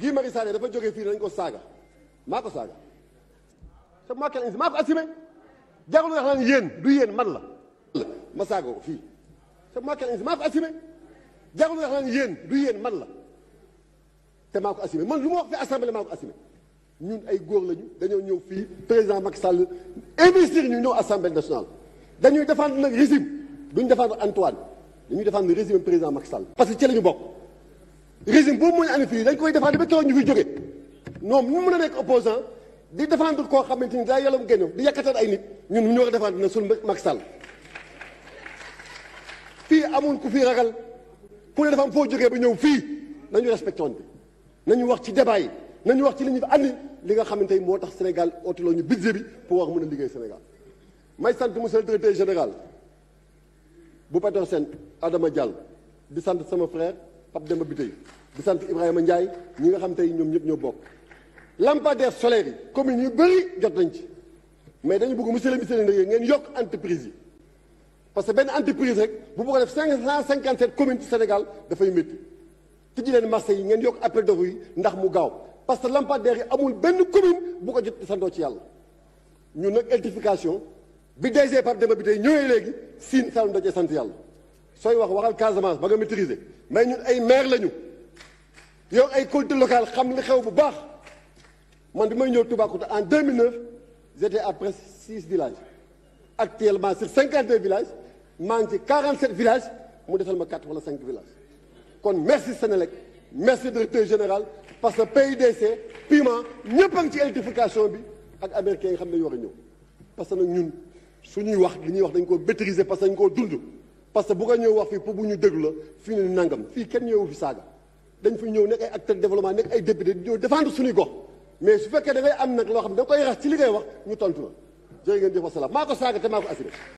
Guy Marius Sagna dafa jógee fii dañ ko saaga maa ko saaga te maa kenn maa ko assumé du yéen man la ma fii te maa kenn maa ko assumé jarul wax yéen du yéen man la te maa ko assumé man lu ma wax fi assemblée maa ko assumé ñun ay góor lañu dañoo ñëw fii président Macky Sall investir ñu ñëw assemblée nationale dañuy défendre nag régime duñ défendre Antoine dañuy défendre régime président Macky Sall parce que ci la ñu bokk. régime boobu moo ñu fii dañ koy défendre ba keroog ñu fi jóge ñoom ñu mën a nekk opposant di défendre koo xamante ni daa yàlla mu génn di yàkkataan ay nit ñun ñu war a défendre na suñu Macky Sall fii amul ku fii ragal ku ne dafa foo jógee ba ñëw fii nañu respecté woon bi nañu wax ci débat yi nañu wax ci li ñu fi andi li nga xamante ni moo tax Sénégal otiloo ñu budget bi pour wax mën a liggéey Sénégal may sant monsieur le directeur général bu Petersen Adama jàll di sant sama frère Pape Demba Biteye di sant Ibrahima Ndiaye ñi nga xam tey ñoom ñëpp ñoo bokk lampadaire solaire yi commune yu bëri jot nañ ci mais dañu bëgg monsieur le ministre de ngeen yokk entreprise yi parce que benn entreprise rek bu bëgg ko def cinq cent cinquante sept communes ci Sénégal dafay métti tijji leen marché yi ngeen yokk appel d'offres yi ndax mu gaaw parce que lampadaire yi amul benn commune bu ko jot di santoo ci yàlla ñun nag électrification bi DG dema Demba Biteye ñëwee léegi Sine Saloum da cee yàlla sooy wax waxal Casamance ba nga maîtriser mais ñun ay maire lañu yow ay collectivité locale xam li xew bu baax man bi may ñëw Toubacouta en 2009 j'étais à presque six villages actuellement sur 52 villages maa ngi ci 47 villages mu defal ma quatre wala cinq villages kon merci Sénélec merci directeur général parce que PIDC piment ñëpp a ngi ci électrification bi ak américain yi xam ne dañu war a ñëw parce que nag ñun suñuy wax li ñuy wax dañ ko maîtriser parce que dañ koo dund parce que bu nga ñëw wax fii pour bu ñu déglu la fii ne nangam fii kenn ñëwu fi saaga dañ fi ñëw nekk ay acteur développement nekk ay député di ñëw défendre suñuy gox mais su fekkee da am nag loo xam ne da nga koy rax ci li wax ñu tontu la jërë ngeen jëf wasalaam maa ko saaga te maa ko assuré